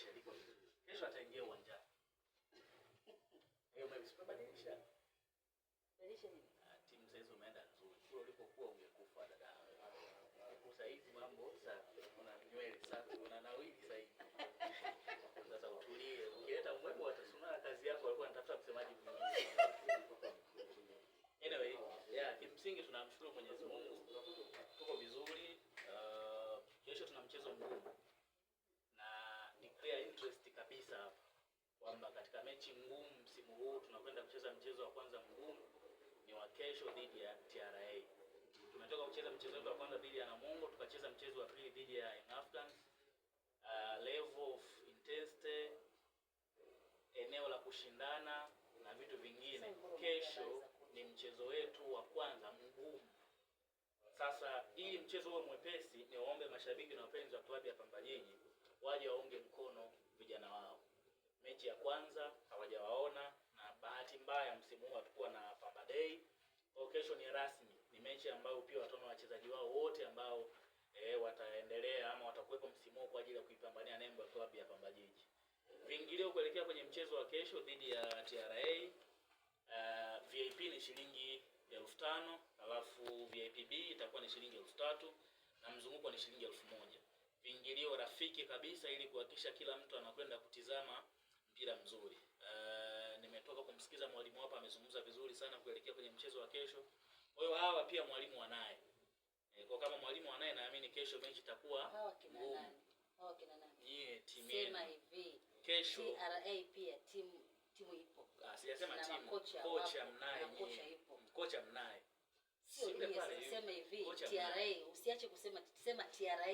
kubadilisha liko vizuri, kesho ataingia uwanjani. Hiyo mbona usipobadilisha? Badilisha nini? Ah, timu sasa hizo umeenda nzuri. Kule ulipokuwa unge Yanga dhidi ya Namungo, tukacheza mchezo wa pili dhidi ya Young Africans. Uh, level of intensity, eneo la kushindana na vitu vingine. Kesho ni mchezo wetu wa kwanza mgumu. Sasa ili mchezo huo mwepesi, ni waombe mashabiki na wapenzi wa klabu ya Pamba Jiji waje waunge mkono vijana wao. Mechi ya kwanza hawajawaona, na bahati mbaya msimu huu hatukuwa na Pamba Day. Kwa kesho ni rasmi ni mechi ambayo pia wataona wachezaji wao wote ambao e, wataendelea ama watakuwepo msimu kwa ajili ya kuipambania nembo ya klabu ya Pamba Jiji. Viingilio kuelekea kwenye mchezo wa kesho dhidi ya TRA uh, eh, VIP ni shilingi elfu tano alafu VIP B itakuwa ni shilingi elfu tatu na mzunguko ni shilingi elfu moja. Viingilio rafiki kabisa ili kuhakikisha kila mtu anakwenda kutizama mpira mzuri. Uh, nimetoka kumsikiza mwalimu hapa amezungumza vizuri sana kuelekea kwenye mchezo wa kesho. Kwa hiyo hawa pia mwalimu wanaye e, kwa kama mwalimu wanaye, naamini kesho mechi itakuwa ngumu. Hawa kina nani? Yeah, timu yenu. Sema hivi. Kesho TRA pia timu timu ipo. Ah, sijasema timu. Kocha, kocha mnaye. Kocha ipo. Kocha mnaye. Sema hivi TRA, usiache kusema sema TRA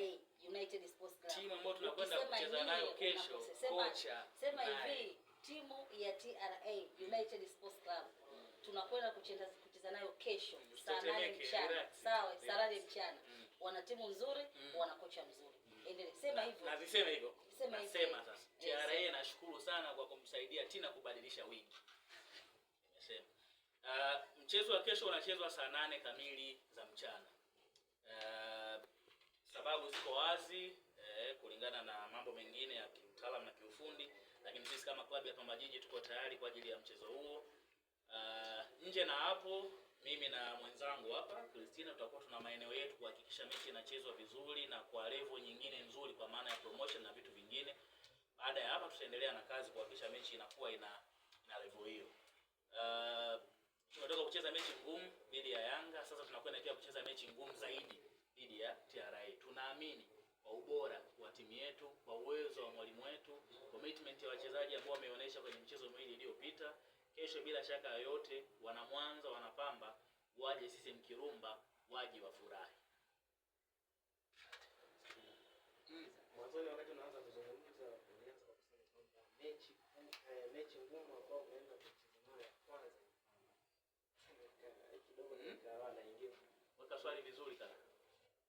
United Sports Club. Timu ambayo tunakwenda kucheza nayo kesho. Kocha. Sema hivi timu ya TRA United Sports Club mm. tunakwenda kucheza tunacheza nayo kesho saa nane mchana, mm. sawa? Saa nane mchana mm. wana timu nzuri, mm. wana kocha mzuri. Endelea sema hivyo, nasema hivyo, sema nasema sasa. TRA nashukuru sana kwa kumsaidia Tina kubadilisha wiki. Nimesema uh, mchezo wa kesho unachezwa saa nane kamili za mchana. Uh, sababu ziko wazi eh, kulingana na mambo mengine ya kiutaalamu na kiufundi, lakini sisi kama klabu ya Pamba Jiji tuko tayari kwa ajili ya mchezo huo. Uh, nje na hapo, mimi na mwenzangu hapa Christina tutakuwa tuna maeneo yetu kuhakikisha mechi inachezwa vizuri na kwa level nyingine nzuri, kwa maana ya promotion na vitu vingine. Baada ya hapa, tutaendelea na kazi kuhakikisha mechi inakuwa ina na level hiyo. Uh, tunataka kucheza mechi ngumu dhidi ya Yanga, sasa tunakwenda pia kucheza mechi ngumu zaidi dhidi ya TRA. Tunaamini kwa ubora wa timu yetu, kwa uwezo wa mwalimu wetu, commitment ya wachezaji ambao wameonyesha kwenye mchezo mwili ilio Kesho bila shaka yoyote, wana Mwanza wanapamba waje sisi mkirumba waje wafurahi. Mwanzoni wakati unaanza kuzungumza ulianza kwa kusema kwamba mechi eh, mechi ngumu ambayo umeenda kucheza nayo ya kwanza eh, kidogo na hmm? ingia. Weka swali vizuri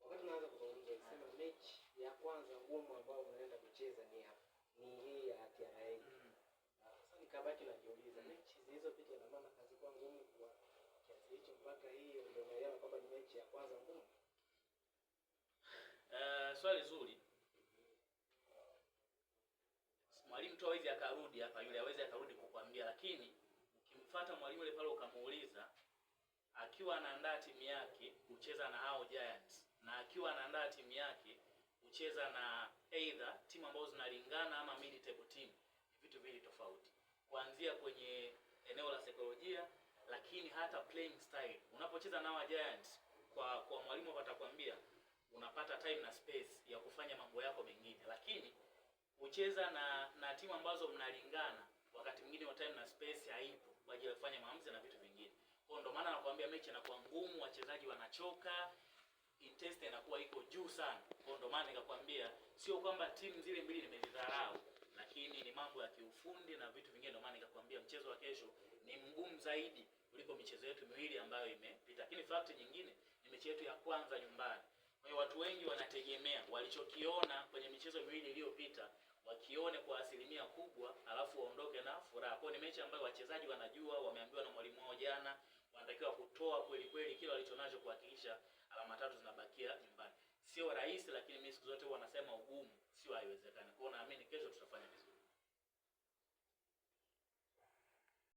Wakati unaanza kuzungumza ulisema mechi ya kwanza ngumu ambayo kucheza ni Ni hii ya TRA. Hmm. Ah, sasa nikabaki najiuliza hmm. mechi swali zuri. Mwalimu tu hawezi akarudi hapa, yule hawezi akarudi kukwambia, lakini ukimfuata mwalimu yule pale ukamuuliza, akiwa anaandaa timu yake kucheza na hao Giants na akiwa anaandaa timu yake kucheza na either timu ambazo zinalingana ama mid table team, vitu vili tofauti, kuanzia kwenye eneo la saikolojia, lakini hata playing style. Unapocheza na hao Giants, kwa kwa mwalimu atakwambia unapata time na space ya kufanya mambo yako mengine, lakini kucheza na na timu ambazo mnalingana, wakati mwingine wa time na space haipo kwa ajili ya kufanya maamuzi na vitu vingine. Kwa ndo maana nakwambia mechi inakuwa ngumu, wachezaji wanachoka, intensity inakuwa iko juu sana. Kwa ndo maana nikakwambia sio kwamba timu zile mbili nimezidharau, lakini ni mambo ya kiufundi na vitu vingine. Ndo maana nikakwambia mchezo wa kesho ni mgumu zaidi kuliko michezo yetu miwili ambayo imepita. Lakini fact nyingine ni mechi yetu ya kwanza nyumbani. Kwa hiyo watu wengi wanategemea walichokiona kwenye michezo miwili iliyopita wakione kwa asilimia kubwa, alafu waondoke na furaha. Kwa ni mechi ambayo wachezaji wanajua, wameambiwa na mwalimu wao jana, wanatakiwa kutoa kweli kweli kile walichonacho kuhakikisha alama tatu zinabakia nyumbani. Sio rahisi, lakini mimi siku zote huwa nasema ugumu sio haiwezekani. Kwa hiyo naamini kesho tutafanya